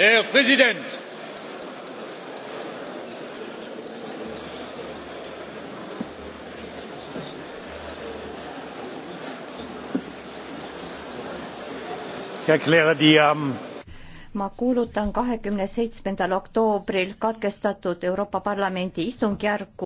Herr Präsident! ma kuulutan kahekümne seitsmendal oktoobril katkestatud Euroopa Parlamendi istungjärgu